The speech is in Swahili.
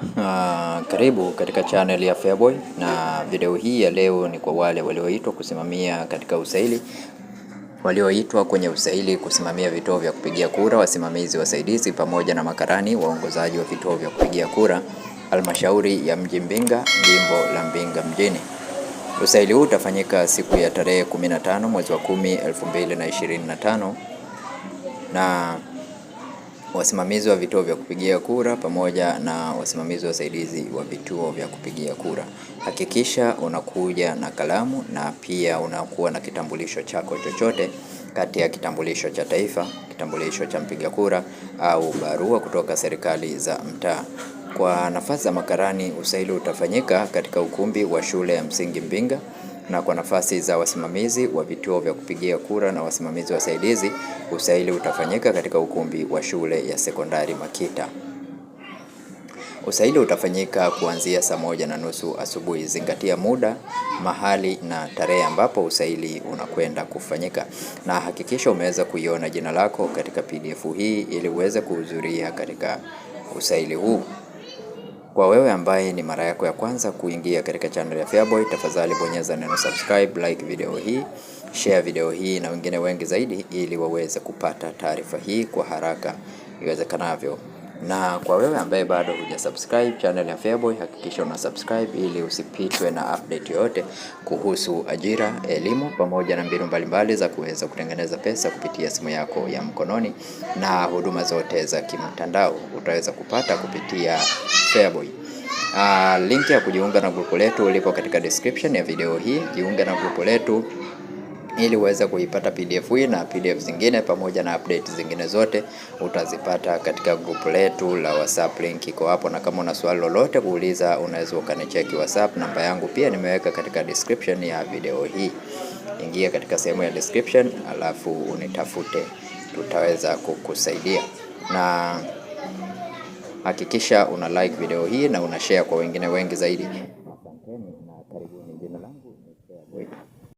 Uh, karibu katika channel ya Feaboy na video hii ya leo ni kwa wale walioitwa kusimamia katika usaili, walioitwa kwenye usaili kusimamia vituo vya kupigia kura, wasimamizi wasaidizi, pamoja na makarani waongozaji wa vituo vya kupigia kura halmashauri ya mji Mbinga, jimbo la Mbinga mjini. Usaili huu utafanyika siku ya tarehe 15 mwezi wa 10 2025 na wasimamizi wa vituo vya kupigia kura pamoja na wasimamizi wasaidizi wa vituo vya kupigia kura. Hakikisha unakuja na kalamu na pia unakuwa na kitambulisho chako chochote kati ya kitambulisho cha taifa, kitambulisho cha mpiga kura au barua kutoka serikali za mtaa. Kwa nafasi za makarani, usaili utafanyika katika ukumbi wa shule ya msingi Mbinga na kwa nafasi za wasimamizi wa vituo vya kupigia kura na wasimamizi wasaidizi, usaili utafanyika katika ukumbi wa shule ya sekondari Makita. Usaili utafanyika kuanzia saa moja na nusu asubuhi. Zingatia muda, mahali na tarehe ambapo usaili unakwenda kufanyika, na hakikisha umeweza kuiona jina lako katika PDF hii ili uweze kuhudhuria katika usaili huu. Kwa wewe ambaye ni mara yako ya kwanza kuingia katika channel ya Feaboy, tafadhali bonyeza neno subscribe, like video hii, share video hii na wengine wengi zaidi, ili waweze kupata taarifa hii kwa haraka iwezekanavyo. Na kwa wewe ambaye bado hujasubscribe channel ya Feaboy, hakikisha una subscribe ili usipitwe na update yoyote kuhusu ajira, elimu pamoja na mbinu mbalimbali za kuweza kutengeneza pesa kupitia simu yako ya mkononi na huduma zote za kimtandao utaweza kupata kupitia Feaboy. Uh, link ya kujiunga na grupu letu ulipo katika description ya video hii. Jiunga na grupu letu ili uweze kuipata PDF hii na PDF zingine pamoja na update zingine zote utazipata katika grupu letu la WhatsApp, link iko hapo, na kama una swali lolote kuuliza, unaweza ukanicheki WhatsApp. Namba yangu pia nimeweka katika description ya video hii. Ingia katika sehemu ya description, alafu unitafute, tutaweza kukusaidia na hakikisha una like video hii na una share kwa wengine wengi zaidi.